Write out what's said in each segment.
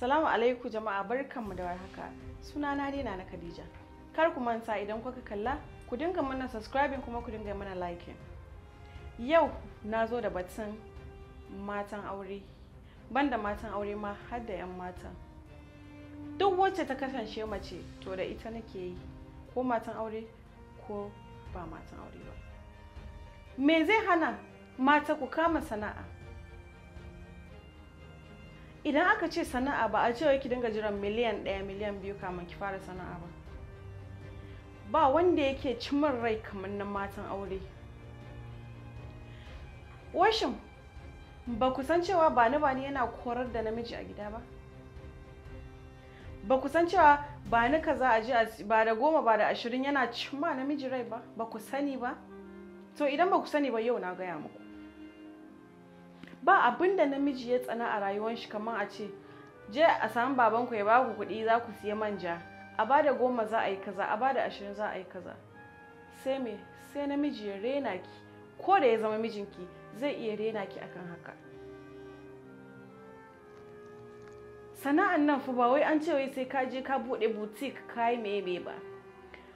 Salamu alaikum jama'a barkanmu da warhaka. Sunana dina na Khadija. Kar ku manta idan kuka kalla ku dinga mana subscribing kuma ku dinga mana liking. Yau na zo da batun matan aure. Banda matan aure ma har da 'yan matan. Duk wacce ta kasance mace to da ita nake yi ko matan aure ko ba matan aure ba. Me zai hana mata ku kama sana'a? idan aka ce sana'a ba a cewa ki dinga jiran miliyan ɗaya miliyan biyu kamun ki fara sana'a ba ba wanda yake cimar rai kamar na matan aure washin ba ku san cewa bani ni yana korar da namiji a gida ba ba ku san cewa ba ni kaza a ji ba da goma ba da ashirin yana cimma namiji rai ba ba ku sani ba to idan ba ku sani ba yau na gaya muku ba abin da namiji ya tsana a rayuwar shi kamar a ce je a samu babanku ya baku kuɗi za ku siya manja a ba da goma za a yi kaza a ba da ashirin za a yi kaza sai me sai namiji ya rena ki ko da ya zama mijinki zai iya rena ki akan haka sana'an nan fa ba wai an ce wai sai ka je ka buɗe boutique ka yi me ba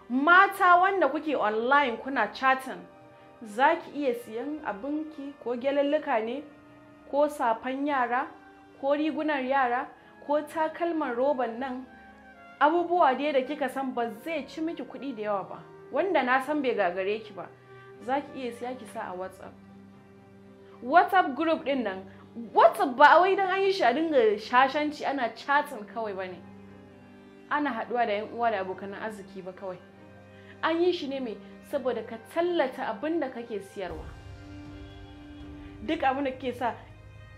mata wanda kuke online kuna chatting za ki iya siyan abinki ko gyalalluka ne ko safan yara ko rigunar yara ko takalman roban nan abubuwa dai da kika san ba zai ci miki kuɗi da yawa ba wanda na san bai gagare ki ba za ki iya siya ki sa a whatsapp whatsapp group din nan whatsapp ba wai don an yi shi a dinga shashanci ana chatting kawai ba ne ana haɗuwa da 'yan uwa da abokan arziki ba kawai an yi shi ne mai saboda ka tallata abinda kake siyarwa duk abin da kake sa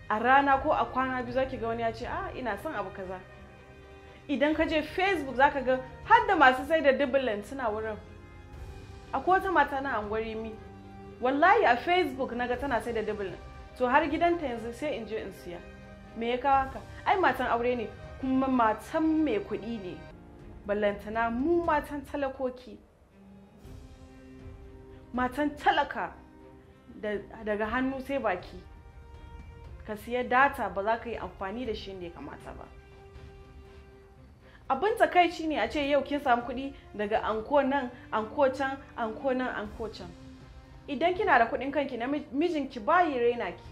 a rana ko a kwana biyu zaki ga wani ya ce a ah, ina son abu kaza idan ka je facebook zaka ga har da masu sai da dubulan suna wurin akwai wata mata na angwari mi wallahi a facebook naga tana sai da dubulan to har gidanta yanzu sai in je in siya me ya kawo haka ai matan aure ne kuma matan mai kuɗi ne ballantana mu matan talakoki matan talaka daga hannu sai baki ka siya data ba za ka yi amfani da shi ne ya kamata ba abin takaici ne a ce yau kin samu kuɗi daga anko nan anko can anko nan anko can idan kina da kuɗin kanki na mijinki bayi raina ki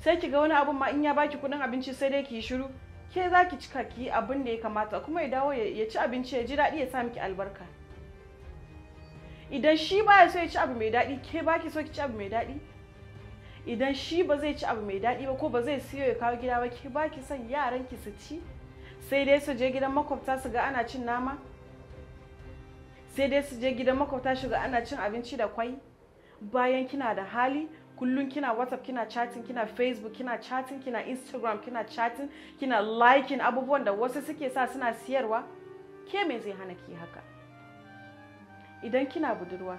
sai ki ga wani abun ma in ya baki kuɗin abinci sai dai ki yi shiru ke za ki cika ki yi abin da ya kamata kuma ya dawo ya ci abinci ya ji daɗi ya sa miki albarka idan shi baya so ya ci abu mai daɗi ke baki so ki ci abu mai daɗi idan shi ba zai ci abu mai daɗi ba ko ba zai siyo ya kawo gida ba ki ba ki son yaran ki su ci sai dai su je gidan makwabta su ga ana cin nama sai dai su je gidan makwabta su ga ana cin abinci da kwai bayan kina da hali kullum kina whatsapp kina chatting kina facebook kina chatting kina instagram kina chatting kina liking abubuwan da wasu suke sa suna siyarwa ke me zai hana ki haka idan kina budurwa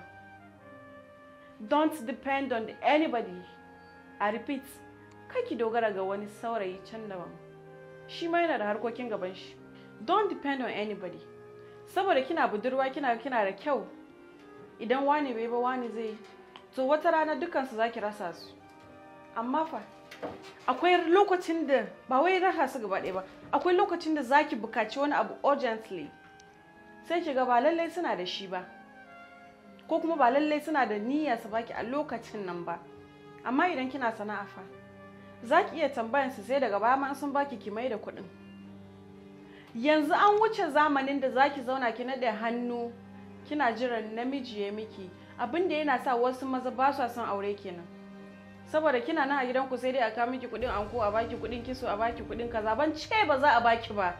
don't depend on anybody a repeat ki dogara ga wani saurayi can daban shi ma yana da harkokin gaban shi don't depend on anybody saboda kina budurwa kina kina da kyau idan wani bai ba wani zai to wata rana dukkan za ki rasa su amma fa akwai lokacin da ba wai rasa su gaba ba akwai lokacin da zaki bukaci wani abu urgently sai ki ga ba lallai suna da shi ba ko kuma ba lallai suna da niyya su baki a lokacin nan ba amma idan kina sana'a fa za ki iya tambayan su sai daga baya ma sun baki ki mai da kuɗin yanzu an wuce zamanin da za ki zauna ki da hannu kina jiran namiji ya miki abin da yana sa wasu maza ba su son aure kenan saboda kina nan a ku sai dai a kawo miki kuɗin anko a baki kuɗin kiso a baki kuɗin kaza ban ce ba za a baki ba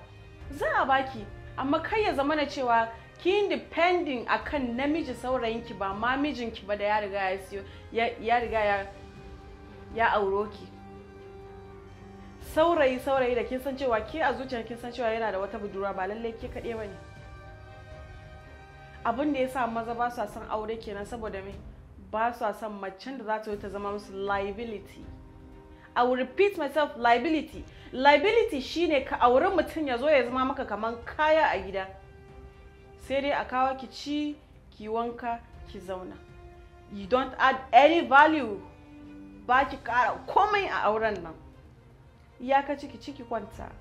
za a baki amma kai ya zamana cewa ki depending akan namiji saurayinki ba ma mijinki ba da ya riga ya siyo ya riga ya ya auro ki saurayi saurayi da kin san cewa ke a zuciyar kin san cewa yana da wata budurwa ba lallai ke kaɗai ba ne abin da ya sa maza ba su san aure kenan saboda me ba su san macen da za ta yi ta zama musu liability I will repeat myself liability liability shine ka auri mutum ya zo ya zama maka kaman kaya a gida sai dai a kawo ki ci ki wanka ki zauna you don't add any value ba ki ƙara komai a auren nan Ya ka ciki ciki kwanta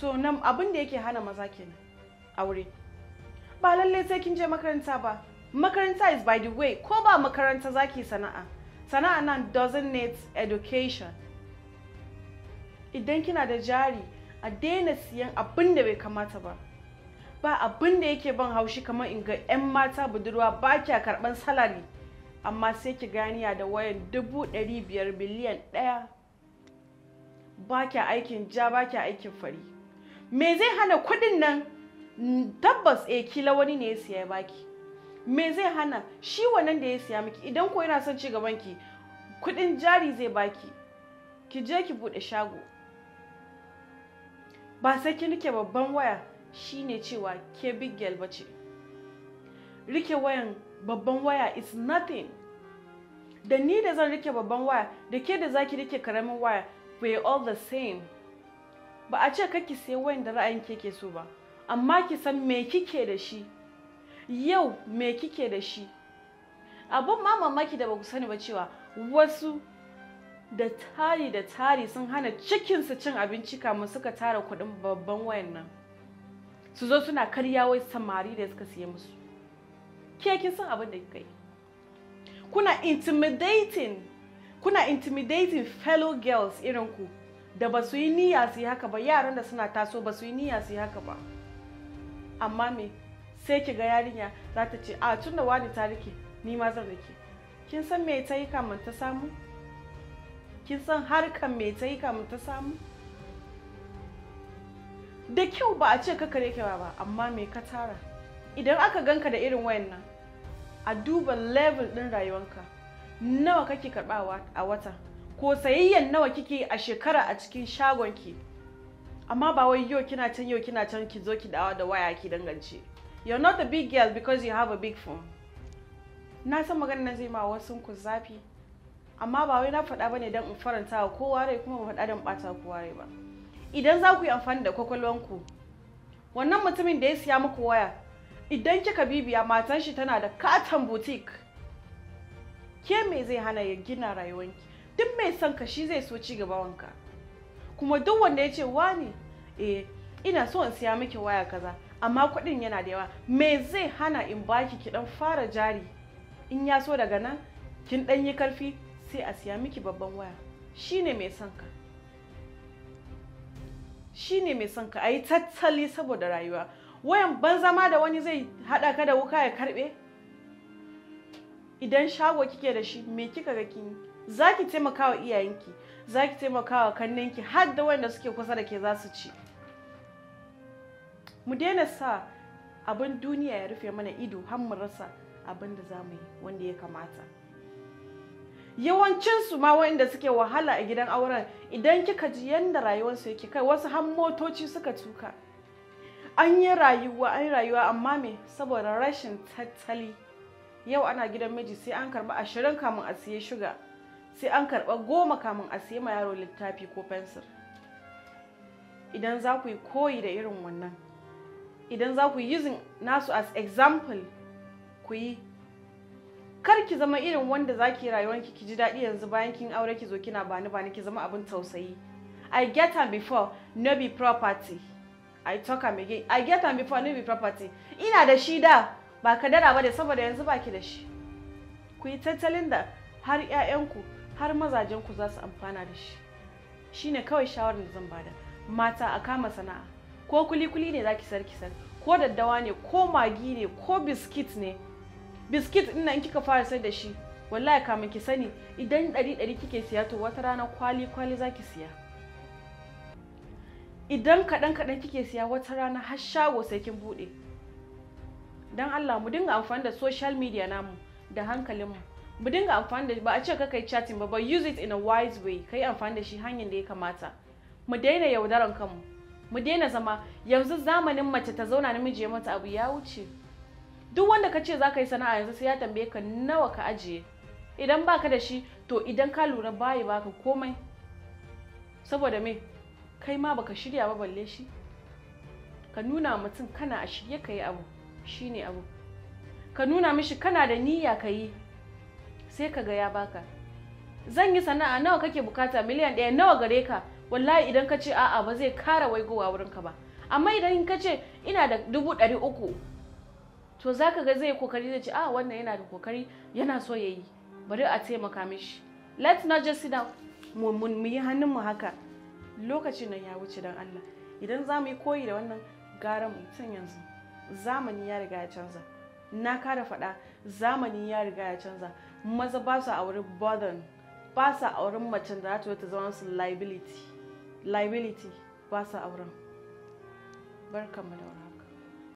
to nan abin da yake hana maza kenan aure ba lallai sai kin je makaranta ba makaranta is by the way ko ba makaranta zaki sana'a sana'a nan doesn't need education idan kina da jari a daina siyan abin da bai kamata ba ba abin da yake ban haushi kamar in ga 'yan mata budurwa ba kya karban salari amma sai ki ganiya da wayan dubu ɗari biyar biliyan ɗaya ba kya aikin ja ba kya aikin fari me zai hana kuɗin nan mm, tabbas e kila wani ne ya siya ya baki me zai hana shi wannan da ya siya miki idan ko yana son cigaban ki kuɗin jari zai baki ki je ki buɗe shago ba sai ki rike babban waya shine cewa ke big girl bace rike wayan babban waya is nothing da ni da zan rike babban waya da ke da zaki rike karamin waya we all the same ba a ce kake sai wayan da ra'ayin ke ke so ba amma ki san me kike da shi yau me kike da shi abun ma mamaki da ba ku sani ba cewa wasu da tari da tari sun hana cikinsu cin abinci kamar suka tara kuɗin babban wayan nan su zo suna karya wai samari da suka siya musu ke kin san abin da kika yi kuna intimidating kuna intimidating fellow girls irin ku da ba su yi niyya su yi haka ba yaran da suna taso ba su yi niyya su yi haka ba amma me sai ki ga yarinya za ta ce a tun da wani ta rike ni ma zan rike kin san me ta yi kamun ta samu kin san harkan me ta yi kamun ta samu da kyau ba a ce ka kare ba amma me ka tara idan aka ganka da irin wayannan a duba level ɗin rayuwanka nawa kake karɓawa a wata ko sayayyan nawa kike a shekara a cikin shagonki amma ba wai yau kina can yau kina can ki zo ki dawo da waya ki dangance you're not a big girl because you have a big phone na san maganar zai ma wasu ku zafi amma ba wai na faɗa bane don in faranta wa kowa rai kuma ba faɗa don ɓata kowa rai ba idan za ku yi amfani da kwakwalwanku wannan mutumin da ya siya muku waya idan kika bibiya matan shi tana da katon butik. ke me zai hana ya gina rayuwanki duk mai son ka shi zai so ci gaba wanka kuma duk wanda ya ce wani eh ina so in siya miki waya kaza amma kuɗin yana da yawa me zai hana in baki ki dan fara jari in ya so daga nan kin dan yi karfi sai a siya miki babban waya shine mai son ka shine mai son ka ayi tattali saboda rayuwa wayan ban zama da wani zai haɗa ka da wuka ya karɓe idan shago kike da shi me kika ga kin za taimaka wa iyayenki za ki taimaka wa kannenki har da wanda suke kusa da ke za su ci mu daina sa abin duniya ya rufe mana ido har mu rasa abin da za yi wanda ya kamata yawancinsu ma wanda suke wahala a gidan auren idan kika ji yadda rayuwarsu yake kai wasu har motoci suka tuka an yi rayuwa an yi rayuwa amma me saboda rashin tattali yau ana gidan miji sai an karba ashirin kamun a siye shuga sai an karba goma kamun a siye ma yaro littafi ko fensir idan za ku yi koyi da irin wannan idan za ku yi using nasu as example ku yi kar ki zama irin wanda za ki rayuwanki ki ji daɗi yanzu bayan kin aure ki zo kina bani bani ki zama abin tausayi i get am before no be property i talk am again i get am before ni the property ina da shi da ba dara ba da saboda yanzu baki da shi ku yi tattalin da har 'ya'yanku har mazajenku za su amfana da shi shine kawai shawarar da zan bada mata a kama sana'a ko kuli-kuli ne za sarki san ko daddawa ne ko magi ne ko biskit ne biskit din nan kika fara sai da shi wallahi kamin ki sani idan ɗari ɗari kike siya to wata rana kwali kwali zaki ki siya idan kaɗan kaɗan kike siya wata rana har shago sai kin buɗe don allah mu dinga amfani da social media namu da hankalinmu mu dinga amfani da ba a ce ka kai chatting ba but use it in a wise way ka yi amfani da shi hanyar da ya kamata mu daina yaudaran kanmu mu daina zama yanzu zamanin mace ta zauna namiji ya mata abu ya wuce duk wanda ka ce za ka yi sana'a yanzu sai ya tambaye ka nawa ka ajiye idan baka da shi to idan ka lura baya baka komai saboda me kai ma baka shirya ba balle shi ka nuna mutum kana a shirye ka yi abu shine abu ka nuna mishi kana da niyya ka yi sai ka ga ya baka zan yi sana'a nawa kake bukata miliyan ɗaya nawa gare ka wallahi idan ka ce a'a ba zai kara waigowa ka ba amma idan ka ce ina da dubu ɗari uku to za ka ga zai kokari zai ce a ah, wannan yana da kokari yana so ya yi bari a taimaka mishi let's not just sit down mu yi hannun mu haka lokacin nan ya wuce don Allah idan za mu yi koyi da wannan gara mu tun yanzu zamani ya riga ya canza na kara faɗa zamani ya riga ya canza maza ba su auri burden ba su auren macen da za ta zama su liability liability ba su auren barkan mu da